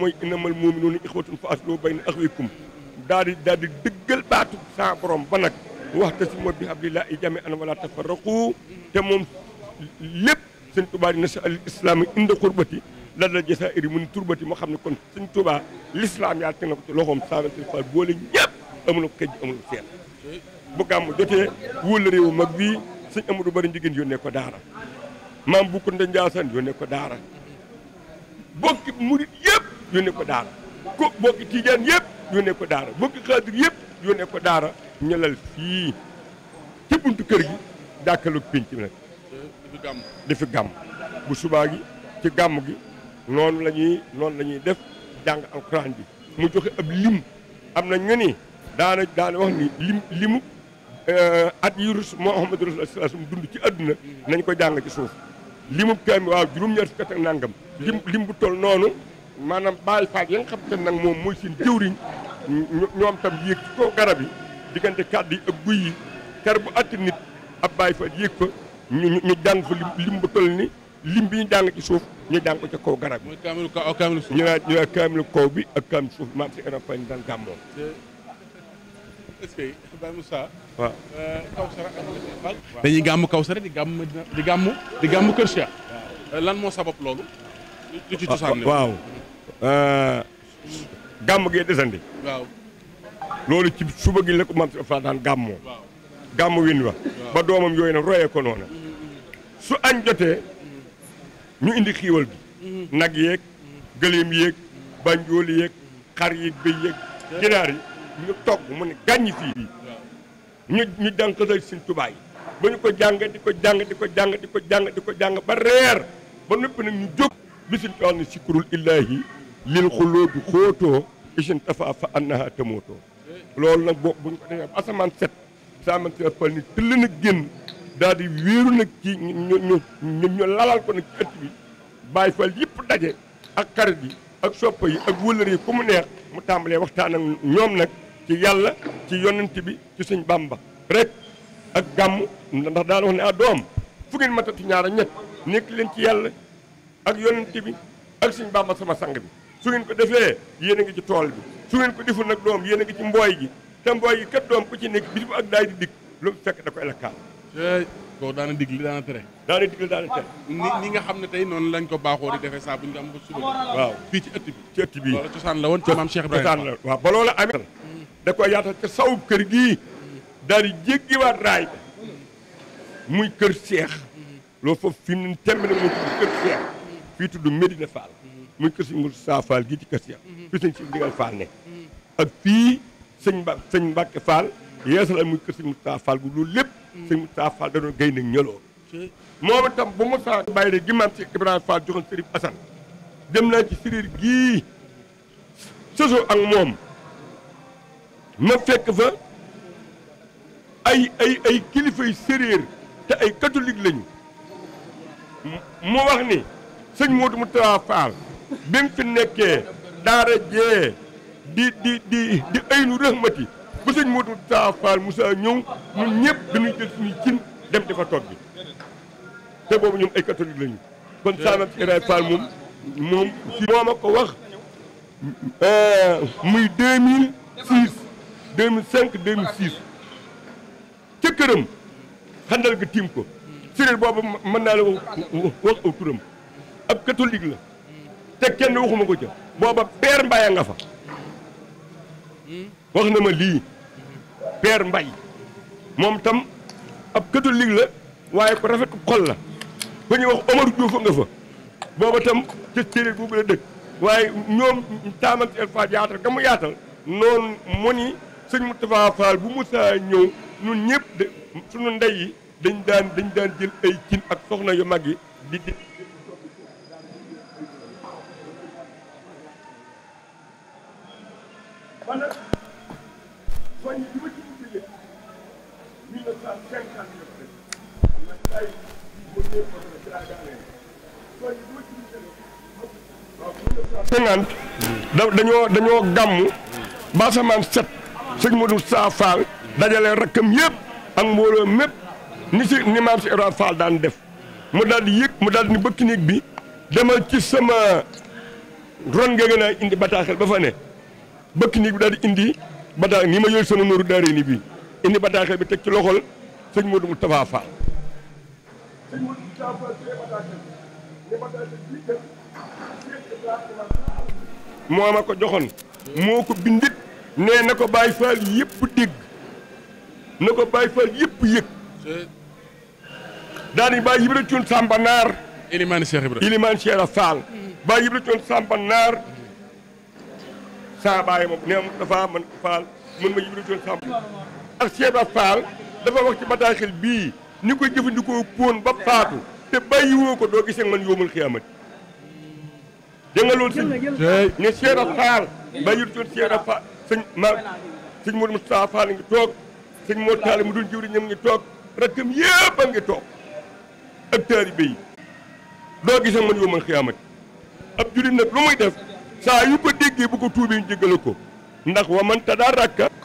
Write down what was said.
موي انما المؤمنون اخوه فاصلوا بين اخويكم دادي دادي دغل باتو سا بروم با نك واختصم بحبل الله جميعا ولا تفرقوا تموم لب سن توبا نسال الاسلام عند قربتي لا لا جزائري من تربتي ما خامني كون سن توبا الاسلام يا تنك لوخوم سابت الفال بولي نيب امنو كاج امنو سين بو كام جوتي وول ريو ماك بي سن امدو بار نديغن يونيكو دارا مام بوكو ندياسان يونيكو دارا بوك مريد ييب yónnee ko daara ko bokki tijaan yëpp yónnee ko daara bokki xaadir yëpp yónnee ko daara ñëlal fi ci buntu kër gi dakalu pinci nak nag gam fi gam bu suba gi ci gam gi non lañuy non lañuy def jang alcorane bi mu joxe ab lim amna ñu ni daana daana wax ni lim limu eh, at yi rus Muhammad rasul sum dund ci aduna nañ ko jang ci suuf limu kaami waaw juróom-ñaar fukk nangam lim lim bu tol nonu manam bal Faal ya nga xam tan nak mom moy seen jëwriñ ñom tam yek ko kaw garab yi diggante kàdd ak guy yi kar bu atti nit ab bay fa yek fa ñu ñu fa limbu tol ni limbi ñu jàng ci suuf ñu jàng ko ci ko garab oh, ñu naa ñu bi ak kaamilu suuf maam si erafay ñu daan gàmmoon est-ce que Baye euh, Kawsara ak dañuy gàmm Kawsara di gàmm di gàmm di gàmm lan sabab loolu ah, waaw Euh, gàmm gee desandi. loolu ci suba gi la ko maam si fa daan gàmmoo. gàmm win wa. ba doomam yooyu nag royee ko noona su añ jotee ñu indi xiiwal gi. Mm-hmm. nag yéeg gëléem yéeg banjool yeeg xar yeeg béy yeeg ginaar yi ñu togg mu ne gàññi fii. ñu ñu jàng xasal suñ tubaay ba ñu ko jàng di ko jàng di ko jàng di ko jàng di ko jàng ba reer ba noppi nag ñu jóg li suñ tubaab ne lil xulóobi xóotoo isin tafa fa annaha tamootoo loolu nag boo buñ ko defee asamaan set saaman si fal ni tëll nag génn daal di wéeru nag ci ñu ñu ñu lalal ko nag ci ëtt bi bàyyi fal yëpp daje ak xarit yi ak soppa yi ak wëllër yi ku mu neex mu tàmbalee waxtaan ak ñoom nag ci yàlla ci yonent bi ci sëñ bàmba rek ak gàmm ndax daal wax ne ah doom fu ngeen matatu ñaar a ñett nekk leen ci yàlla ak yonent bi ak baam bàmba sama sang bi su ngeen ko defee yéen a ngi ci tool bi su ngeen ko deful nag doom yéen a ngi ci mbooy gi te mbooy gi kat doom ku ci nekk bis ak daay di dig lu fekk da koy lakkaal kooku daana digli daana tere daana digli daana tere nga xam ne noonu lañ ko baaxoo di defee saa bu ñu ko am ba suba waaw fii ci ëtt bi ci la woon ci maam Cheikh Ibrahima ba loola amee mm. da ko yaatal ca sawub kër gii daal di jéggiwaat raay muy kër Cheikh mm. loolu foofu fi mu ne temb na moo tudd kër Cheikh mm. fii tudd Medina Fall muy kër sëñ Moussa Fall gi ci kër si mhm. fi sëñ si ndigal Fall ne ak fii sëñ Mba sëñ Mbacke Fall yeesal muy kër sëñ Moussa Fall gu loolu lépp mhm. sëñ Moussa Fall da doon gay nag ñëloo moom itam bu Moussa bàyyi gi maam si Ibrahima Fall joxoon Sëriñ Assane dem naa ci siriir gii sësoo ak moom ma fekk fa ay ay ay kilifay séréer te ay catholique lañu mu wax ni sëñ Modou Moustapha Fall bi mu fi nekkee daara jee di di di di aynu rahmati ba sëñ Modou Saa Fall Moussa ñëw ñun ñëpp dañuy jël suñuy cin dem di fa toog bi te boobu ñun ay catholique lañu kon Saamam Ibrahima Fall moom moom si moom ko wax euh, muy 2006 2005 2006 ca këram xandal ga tiim ko séréer boobu mën naa la wax aw turam ab catholique la te kenn waxuma ko ca booba Père Mbaye nga fa hmm? wax na ma lii Père mbay moom tam ab catholique la waaye ko rafet xol la ba ñuy wax Omar Diouf nga fa booba tam ca téere boobu la dëkk waaye ñoom taamanti el fa yaatal ga mu yaatal noonu mu ni sëñ Moustapha Fall bu Moussa ñëw ñun ñëpp de suñu ndey yi dañ daan dañ daan jël ay cin ak soxna yu mag yi di di soñ bi ma ci ubbi lépp mille neuf set sëñ Modou Sa Fall dajale rakkam yëpp ak mbooloo mépp ni si ni maam si Ibrahima Fall daan def mu daal di yëg mu daal di ni bi demal ci sama ron nga gën a indi bataaxel ba fa ne bëkk bi daal indi bataax nii ma yooyu sama nooru daare ni indi bataaxel bi teg ci loxol sëñ Modou Moustapha Fall moo ma ko joxoon moo ko bindit nee na ko Baye Fall yëpp dégg na ko Baye Fall yëpp yëg daani Baye Ibra Cuun Samba Naar Ilimaan Cheikh Ibra Ilimaan Cheikh Fall mm. Baye Ibra saa baay moom nee na dafa man faal mën ma yëngu doon sàmm. ak Cheikh Ibra Fall dafa wax ci bataaxel bii ni koy jëfandikoo poon ba faatu te bàyyiwoo ko doo gisee man yoomul xiyaamat dégg nga loolu si ne Cheikh Ibra Fall bàyyi doon Cheikh Ibra Fall sëñ ma sëñ Modou Moustapha Fall ngi toog sëñ Modou Tall mu doon jëwriñam ngi toog rakkam yëpp a ngi toog ak taalibe yi doo gisee man yoomul xiyaamat ab jurit nag lu muy def. saa yu ko déggee bu ko tuubee ñu jéggale ko ndax wa man tadaa rakka